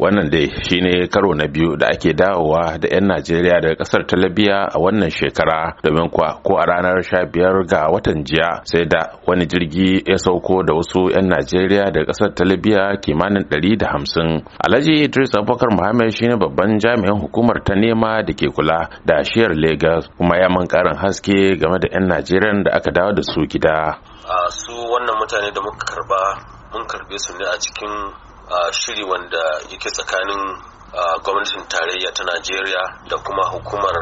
wannan dai shine karo na biyu da ake dawowa da 'yan najeriya daga kasar ta a wannan shekara domin kuwa ko a ranar sha biyar ga watan jiya sai da wani jirgi ya sauko da wasu 'yan najeriya daga kasar ta kimanin ɗari da hamsin alhaji idris abubakar muhammad shine babban jami'in hukumar ta nema da ke kula da shiyar lagos kuma ya man karin haske game da 'yan najeriya da aka dawo da su gida su wannan mutane da muka karba mun karbe su ne a cikin shiri wanda yake tsakanin gwamnatin tarayya ta najeriya da kuma hukumar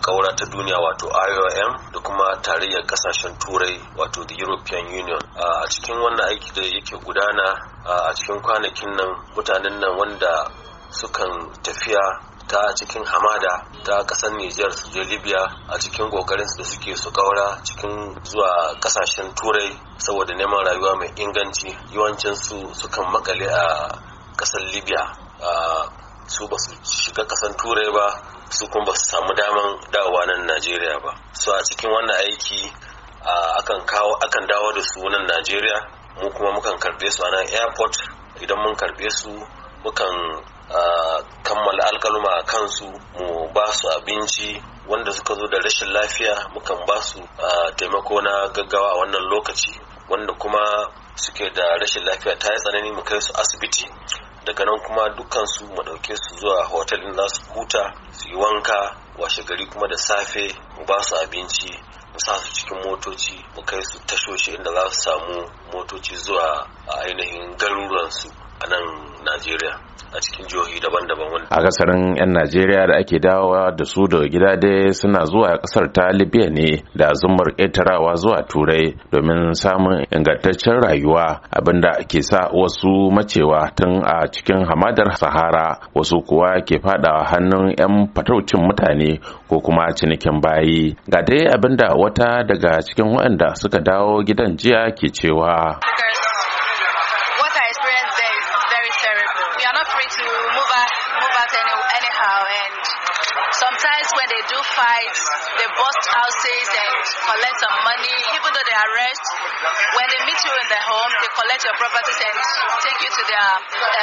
kaura ta duniya wato iom da kuma tarayyar kasashen turai wato the european union a cikin wannan aiki da yake gudana a cikin kwanakin nan mutanen nan wanda sukan tafiya ta cikin hamada ta kasar Nijar su je Libya a cikin kokarin da suke su kaura cikin zuwa kasashen turai saboda neman rayuwa mai inganci yawancin su sukan makale a kasar Libya su ba su shiga kasan turai ba su kuma ba su samu daman dawowa nan Najeriya ba su a cikin wannan aiki akan kawo akan dawo da su nan Najeriya mu kuma mukan karbe su a nan airport idan mun karbe su mukan kammala alkaluma a kansu mu ba su abinci wanda suka zo da rashin lafiya mukan ba su taimako na gaggawa a wannan lokaci wanda kuma suke da rashin lafiya ta yi tsanani mu kai su asibiti daga nan kuma dukansu mu ɗauke su zuwa hotelin za su huta su yi wanka washe gari kuma da safe mu ba su abinci mu sa su cikin motoci mu kai su tashoshi inda za su samu motoci zuwa a ainihin garuruwansu a nan najeriya a cikin jihohi daban-daban a kasarin 'yan najeriya da ake dawowa da su da gida dai suna zuwa kasar ta libya ne da zumar ƙetarawa zuwa turai domin samun ingantaccen rayuwa abinda ke sa wasu macewa tun a cikin hamadar sahara wasu kuwa ke fadawa hannun 'yan fataucin mutane ko kuma cinikin bayi ga dai abinda wata daga cikin waɗanda suka dawo gidan jiya ke cewa not free to move out, move out any, anyhow. And sometimes when they do fight, they bust houses and collect some money. Even though they arrest, when they meet you in the home, they collect your properties and take you to their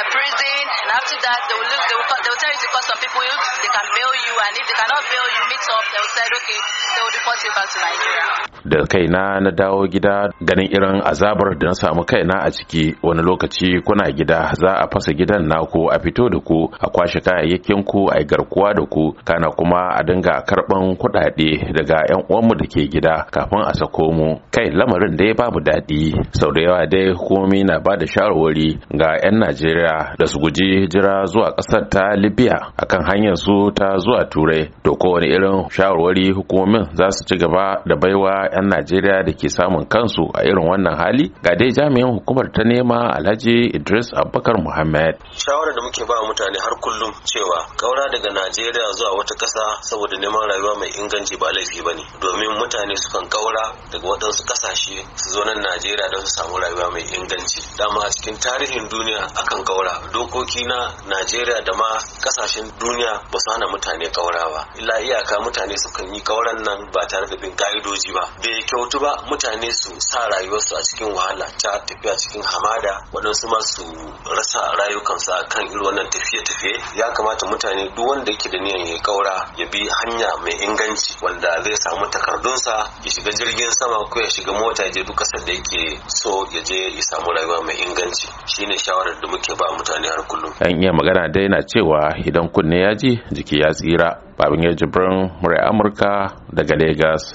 uh, prison. And after that, they will look, they will, they will tell you to call some people they can bail you. And if they cannot bail you, meet up. They will say, okay, they will deport you back to Nigeria. Da kaina na dawo gida ganin irin azabar da na samu kaina a ciki wani lokaci kuna gida za a fasa gidan na Ku a fito da ku a kwashe kayayyakin ku a garkuwa da ku kana kuma a dinga karban kuɗaɗe daga yan uwanmu da ke gida kafin a sako mu kai lamarin da ya babu daɗi sau da yawa dai hukumomi na ba da shawarwari ga 'yan najeriya da su guji jira zuwa ƙasar ta libya akan hanyar su ta zuwa turai to kowane irin shawarwari hukumomin za su ci gaba da baiwa 'yan najeriya da ke samun kansu a irin wannan hali ga dai jami'in hukumar ta nema alhaji idris abubakar muhammad shawara da muke ba mutane har kullum cewa kaura daga najeriya zuwa wata ƙasa saboda neman rayuwa mai inganci ba laifi ba ne domin mutane sukan kaura daga waɗansu ƙasashe su zo nan najeriya don su samu rayuwa mai inganci dama a cikin tarihin duniya akan kaura dokoki na najeriya da ma ƙasashen duniya ba su hana mutane kaura ba illa iyaka mutane sukan yi kauran nan ba tare da bin ka'idoji ba bai kyautu ba mutane su sa rayuwarsu a cikin wahala ta tafiya cikin hamada waɗansu ma su rasa rayukansu a akan irin wannan tafiye-tafiye ya kamata mutane duk wanda yake da niyan ya kaura ya bi hanya mai inganci wanda zai samu takardunsa ya shiga jirgin sama ko ya shiga mota ya je duk kasar da yake so ya je ya samu rayuwa mai inganci shine shawarar da muke ba mutane har kullum an iya magana da yana cewa idan kunne ya ji jiki ya tsira babin ya jibrin murai amurka daga Legas.